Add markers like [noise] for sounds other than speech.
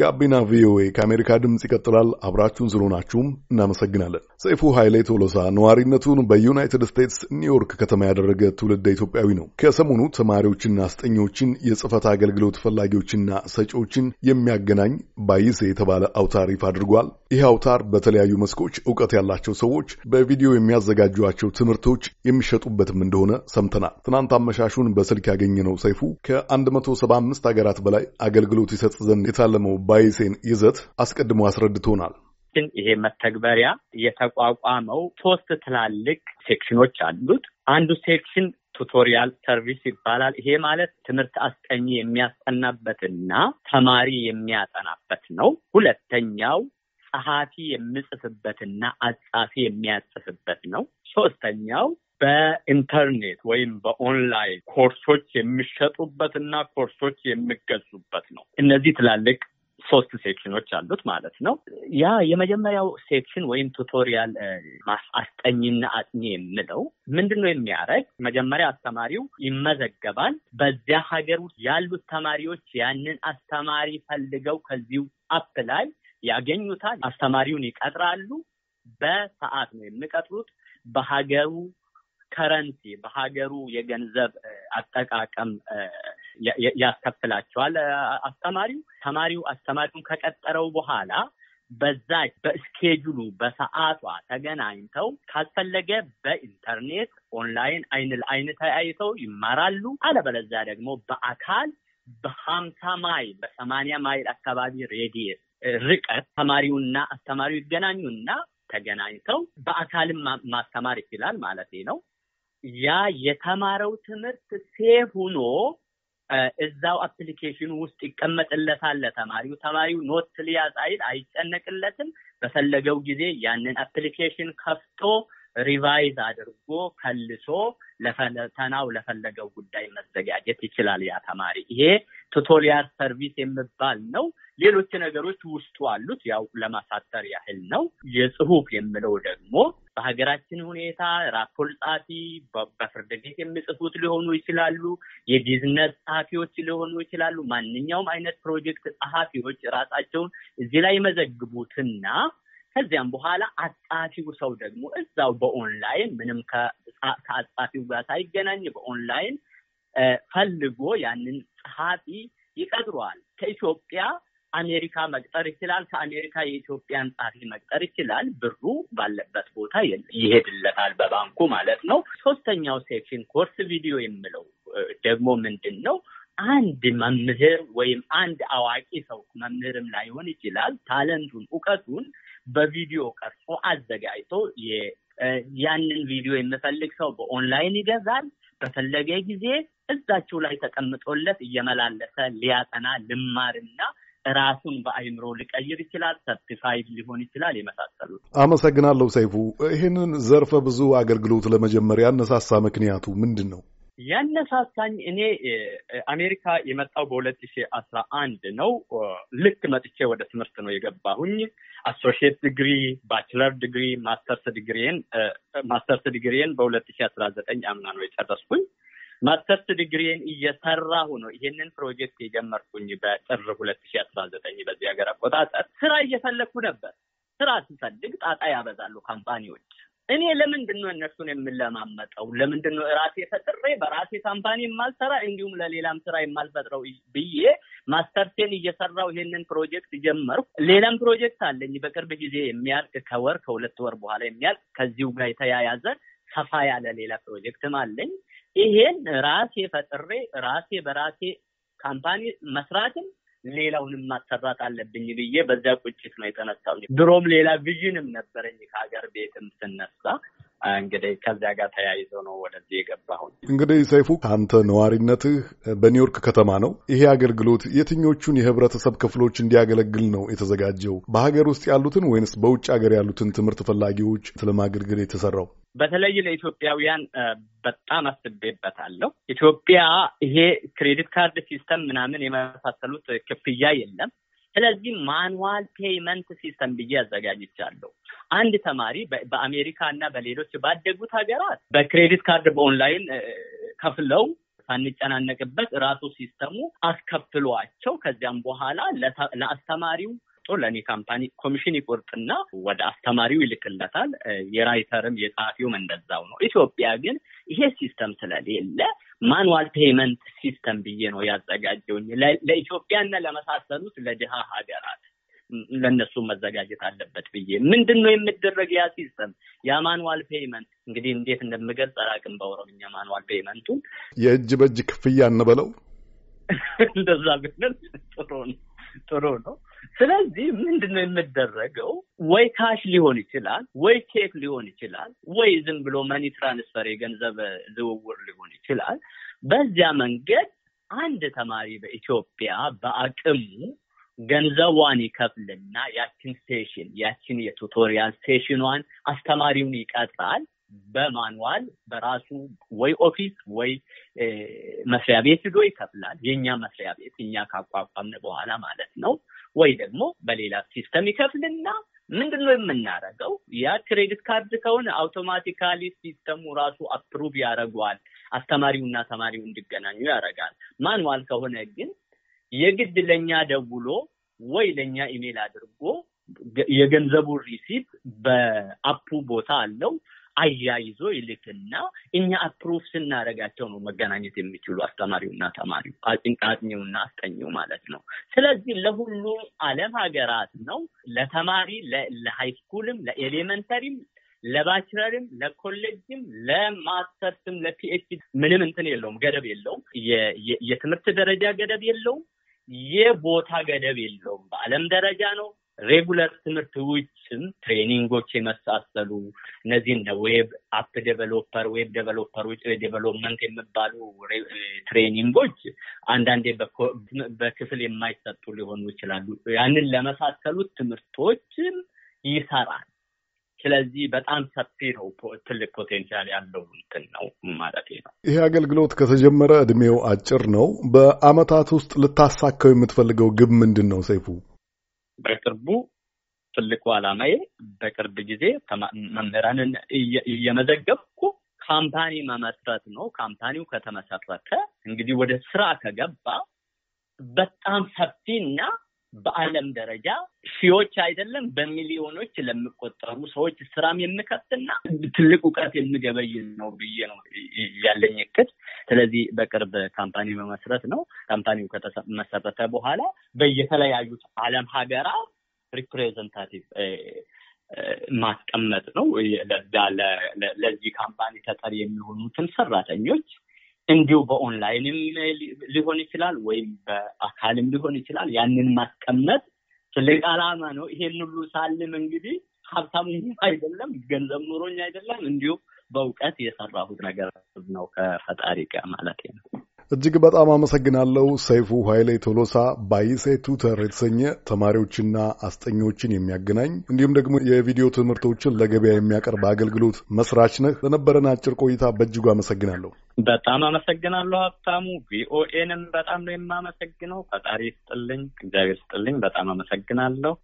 ጋቢና ቪኦኤ ከአሜሪካ ድምፅ ይቀጥላል። አብራችሁን ስለሆናችሁም እናመሰግናለን። ሰይፉ ኃይሌ ቶሎሳ ነዋሪነቱን በዩናይትድ ስቴትስ ኒውዮርክ ከተማ ያደረገ ትውልደ ኢትዮጵያዊ ነው። ከሰሞኑ ተማሪዎችና አስጠኞችን የጽፈት አገልግሎት ፈላጊዎችና ሰጪዎችን የሚያገናኝ ባይሴ የተባለ አውታር ይፋ አድርጓል። ይህ አውታር በተለያዩ መስኮች እውቀት ያላቸው ሰዎች በቪዲዮ የሚያዘጋጇቸው ትምህርቶች የሚሸጡበትም እንደሆነ ሰምተናል። ትናንት አመሻሹን በስልክ ያገኘ ነው ሰይፉ ከ175 ሀገራት በላይ አገልግሎት ይሰጥ ዘንድ የታለመው ባይሴን ይዘት አስቀድሞ አስረድቶናል። ይሄ መተግበሪያ የተቋቋመው ሶስት ትላልቅ ሴክሽኖች አሉት። አንዱ ሴክሽን ቱቶሪያል ሰርቪስ ይባላል። ይሄ ማለት ትምህርት አስጠኚ የሚያስጠናበትና ተማሪ የሚያጠናበት ነው። ሁለተኛው ጸሐፊ የሚጽፍበትና አጻፊ የሚያጽፍበት ነው። ሶስተኛው በኢንተርኔት ወይም በኦንላይን ኮርሶች የሚሸጡበትና ኮርሶች የሚገዙበት ነው። እነዚህ ትላልቅ ሶስት ሴክሽኖች አሉት ማለት ነው። ያ የመጀመሪያው ሴክሽን ወይም ቱቶሪያል አስጠኝና አጥኚ የምለው ምንድን ነው የሚያደርግ? መጀመሪያ አስተማሪው ይመዘገባል። በዚያ ሀገር ውስጥ ያሉት ተማሪዎች ያንን አስተማሪ ፈልገው ከዚሁ አፕ ላይ ያገኙታል። አስተማሪውን ይቀጥራሉ። በሰዓት ነው የሚቀጥሩት። በሀገሩ ከረንሲ በሀገሩ የገንዘብ አጠቃቀም ያስከፍላቸዋል አስተማሪው። ተማሪው አስተማሪውን ከቀጠረው በኋላ በዛ በስኬጁሉ በሰዓቷ ተገናኝተው ካስፈለገ በኢንተርኔት ኦንላይን አይን ለአይን ተያይተው ይማራሉ። አለበለዚያ ደግሞ በአካል በሀምሳ ማይል በሰማንያ ማይል አካባቢ ሬዲየስ ርቀት ተማሪውና አስተማሪው ይገናኙና ተገናኝተው በአካልም ማስተማር ይችላል ማለት ነው። ያ የተማረው ትምህርት ሴ ሁኖ እዛው አፕሊኬሽን ውስጥ ይቀመጥለታል። ተማሪው ተማሪው ኖት ሊያዝ አይል አይጨነቅለትም። በፈለገው ጊዜ ያንን አፕሊኬሽን ከፍቶ ሪቫይዝ አድርጎ ከልሶ ለፈተናው ለፈለገው ጉዳይ መዘጋጀት ይችላል። ያ ተማሪ ይሄ ቱቶሪያል ሰርቪስ የሚባል ነው። ሌሎች ነገሮች ውስጡ አሉት። ያው ለማሳጠር ያህል ነው። የጽሁፍ የምለው ደግሞ በሀገራችን ሁኔታ ራፖል ጻፊ በፍርድ ቤት የሚጽፉት ሊሆኑ ይችላሉ። የቢዝነስ ጸሐፊዎች ሊሆኑ ይችላሉ። ማንኛውም አይነት ፕሮጀክት ጸሐፊዎች ራሳቸውን እዚህ ላይ መዘግቡትና ከዚያም በኋላ አጣፊው ሰው ደግሞ እዛው በኦንላይን ምንም ከአጣፊው ጋር ሳይገናኝ በኦንላይን ፈልጎ ያንን ጸሐፊ ይቀጥረዋል። ከኢትዮጵያ አሜሪካ መቅጠር ይችላል። ከአሜሪካ የኢትዮጵያን ጸሐፊ መቅጠር ይችላል። ብሩ ባለበት ቦታ ይሄድለታል፣ በባንኩ ማለት ነው። ሶስተኛው ሴክሽን ኮርስ ቪዲዮ የምለው ደግሞ ምንድን ነው? አንድ መምህር ወይም አንድ አዋቂ ሰው መምህርም ላይሆን ይችላል ታለንቱን እውቀቱን በቪዲዮ ቀርጾ አዘጋጅቶ ያንን ቪዲዮ የሚፈልግ ሰው በኦንላይን ይገዛል። በፈለገ ጊዜ እዛችሁ ላይ ተቀምጦለት እየመላለሰ ሊያጠና ልማርና ራሱን በአይምሮ ሊቀይር ይችላል። ሰርቲፋይድ ሊሆን ይችላል። የመሳሰሉት። አመሰግናለሁ ሰይፉ። ይህንን ዘርፈ ብዙ አገልግሎት ለመጀመር ያነሳሳ ምክንያቱ ምንድን ነው? ያነሳሳኝ እኔ አሜሪካ የመጣው በሁለት ሺህ አስራ አንድ ነው። ልክ መጥቼ ወደ ትምህርት ነው የገባሁኝ። አሶሺየት ዲግሪ፣ ባችለር ዲግሪ፣ ማስተርስ ዲግሪን ማስተርስ ዲግሪን በሁለት ሺህ አስራ ዘጠኝ አምና ነው የጨረስኩኝ። ማስተርስ ዲግሪን እየሰራሁ ነው ይህንን ፕሮጀክት የጀመርኩኝ በጥር ሁለት ሺህ አስራ ዘጠኝ በዚህ ሀገር አቆጣጠር። ስራ እየፈለግኩ ነበር። ስራ ሲፈልግ ጣጣ ያበዛሉ ካምፓኒዎች እኔ ለምንድን ነው እነሱን የምለማመጠው? ለምንድን ነው ራሴ ፈጥሬ በራሴ ካምፓኒ የማልሰራ እንዲሁም ለሌላም ስራ የማልፈጥረው ብዬ ማስተርሴን እየሰራው ይሄንን ፕሮጀክት ጀመርኩ። ሌላም ፕሮጀክት አለኝ በቅርብ ጊዜ የሚያልቅ ከወር ከሁለት ወር በኋላ የሚያልቅ ከዚሁ ጋር የተያያዘ ሰፋ ያለ ሌላ ፕሮጀክትም አለኝ። ይሄን ራሴ ፈጥሬ ራሴ በራሴ ካምፓኒ መስራትም ሌላውንም ማሰራት አለብኝ ብዬ በዚያ ቁጭት ነው የተነሳው። ድሮም ሌላ ቪዥንም ነበረኝ ከሀገር ቤትም ስነሳ እንግዲህ ከዚያ ጋር ተያይዞ ነው ወደዚህ የገባሁን። እንግዲህ ሰይፉ፣ አንተ ነዋሪነትህ በኒውዮርክ ከተማ ነው። ይሄ አገልግሎት የትኞቹን የህብረተሰብ ክፍሎች እንዲያገለግል ነው የተዘጋጀው? በሀገር ውስጥ ያሉትን ወይንስ በውጭ ሀገር ያሉትን ትምህርት ፈላጊዎች ለማገልገል የተሰራው? በተለይ ለኢትዮጵያውያን በጣም አስቤበታለሁ። ኢትዮጵያ ይሄ ክሬዲት ካርድ ሲስተም ምናምን የመሳሰሉት ክፍያ የለም። ስለዚህ ማንዋል ፔይመንት ሲስተም ብዬ አዘጋጅቻለሁ። አንድ ተማሪ በአሜሪካ እና በሌሎች ባደጉት ሀገራት በክሬዲት ካርድ በኦንላይን ከፍለው ሳንጨናነቅበት ራሱ ሲስተሙ አስከፍሏቸው ከዚያም በኋላ ለአስተማሪው አውጥቶ ለእኔ ካምፓኒ ኮሚሽን ይቆርጥና ወደ አስተማሪው ይልክለታል። የራይተርም የጸሐፊውም እንደዛው ነው። ኢትዮጵያ ግን ይሄ ሲስተም ስለሌለ ማኑዋል ፔመንት ሲስተም ብዬ ነው ያዘጋጀውኝ። ለኢትዮጵያና ለመሳሰሉት ለድሃ ሀገራት ለእነሱ መዘጋጀት አለበት ብዬ ምንድን ነው የምደረግ ያ ሲስተም ያ ማኑዋል ፔመንት እንግዲህ እንዴት እንደምገልጽ አላውቅም። በኦሮምኛ ማኑዋል ፔመንቱን የእጅ በእጅ ክፍያ እንበለው [laughs] እንደዛ ብለን ጥሩ ነው ጥሩ ነው። ስለዚህ ምንድን ነው የምደረገው? ወይ ካሽ ሊሆን ይችላል፣ ወይ ቼክ ሊሆን ይችላል፣ ወይ ዝም ብሎ መኒ ትራንስፈር የገንዘብ ዝውውር ሊሆን ይችላል። በዚያ መንገድ አንድ ተማሪ በኢትዮጵያ በአቅሙ ገንዘቧን ይከፍልና ያችን ሴሽን ያችን የቱቶሪያል ሴሽኗን አስተማሪውን ይቀጥራል። በማንዋል በራሱ ወይ ኦፊስ ወይ መስሪያ ቤት ሂዶ ይከፍላል። የእኛ መስሪያ ቤት እኛ ካቋቋምን በኋላ ማለት ነው። ወይ ደግሞ በሌላ ሲስተም ይከፍልና ምንድን ነው የምናደርገው? ያ ክሬዲት ካርድ ከሆነ አውቶማቲካሊ ሲስተሙ ራሱ አፕሩቭ ያደርገዋል። አስተማሪውና ተማሪው እንዲገናኙ ያደርጋል። ማንዋል ከሆነ ግን የግድ ለእኛ ደውሎ ወይ ለእኛ ኢሜል አድርጎ የገንዘቡ ሪሲፕ በአፑ ቦታ አለው አያይዞ ይልክና እኛ አፕሩቭ ስናደርጋቸው ነው መገናኘት የሚችሉ አስተማሪውና ተማሪው አጥኚውና አስጠኚው ማለት ነው። ስለዚህ ለሁሉም ዓለም ሀገራት ነው ለተማሪ ለሃይስኩልም፣ ለኤሌመንተሪም፣ ለባችለርም፣ ለኮሌጅም፣ ለማስተርስም፣ ለፒኤችዲ ምንም እንትን የለውም፣ ገደብ የለውም። የትምህርት ደረጃ ገደብ የለውም። የቦታ ገደብ የለውም። በዓለም ደረጃ ነው፣ ሬጉለር ትምህርት ውጭም ትሬኒንጎች የመሳሰሉ እነዚህ እንደ ዌብ አፕ ዴቨሎፐር፣ ዌብ ውጭ ዴቨሎፕመንት የሚባሉ ትሬኒንጎች አንዳንዴ በክፍል የማይሰጡ ሊሆኑ ይችላሉ። ያንን ለመሳሰሉት ትምህርቶችም ይሰራል። ስለዚህ በጣም ሰፊ ነው። ትልቅ ፖቴንሻል ያለው እንትን ነው ማለት ነው። ይሄ አገልግሎት ከተጀመረ እድሜው አጭር ነው። በአመታት ውስጥ ልታሳካው የምትፈልገው ግብ ምንድን ነው ሰይፉ? በቅርቡ ትልቁ ዓላማዬ በቅርብ ጊዜ መምህራንን እየመዘገብኩ ካምፓኒ መመስረት ነው። ካምፓኒው ከተመሰረተ እንግዲህ ወደ ስራ ከገባ በጣም ሰፊና በዓለም ደረጃ ሺዎች አይደለም በሚሊዮኖች ለሚቆጠሩ ሰዎች ስራም የምከፍትና ትልቅ እውቀት የምገበይን ነው ብዬ ነው ያለኝ እቅድ። ስለዚህ በቅርብ ካምፓኒ መመስረት ነው። ካምፓኒው ከተመሰረተ በኋላ በየተለያዩት ዓለም ሀገራ ሪፕሬዘንታቲቭ ማስቀመጥ ነው ለዚህ ካምፓኒ ተጠሪ የሚሆኑትን ሰራተኞች እንዲሁ በኦንላይንም ሊሆን ይችላል ወይም በአካልም ሊሆን ይችላል። ያንን ማስቀመጥ ትልቅ ዓላማ ነው። ይሄን ሁሉ ሳልም እንግዲህ ሀብታም አይደለም፣ ገንዘብ ኑሮኝ አይደለም፣ እንዲሁ በእውቀት የሰራሁት ነገር ነው ከፈጣሪ ጋር ማለት ነው። እጅግ በጣም አመሰግናለሁ። ሰይፉ ኃይሌ ቶሎሳ ባይሴ ቱተር የተሰኘ ተማሪዎችና አስጠኞችን የሚያገናኝ እንዲሁም ደግሞ የቪዲዮ ትምህርቶችን ለገበያ የሚያቀርብ አገልግሎት መስራች ነህ። ለነበረን አጭር ቆይታ በእጅጉ አመሰግናለሁ። በጣም አመሰግናለሁ ሀብታሙ። ቪኦኤንም በጣም ነው የማመሰግነው። ፈጣሪ ስጥልኝ፣ እግዚአብሔር ስጥልኝ። በጣም አመሰግናለሁ።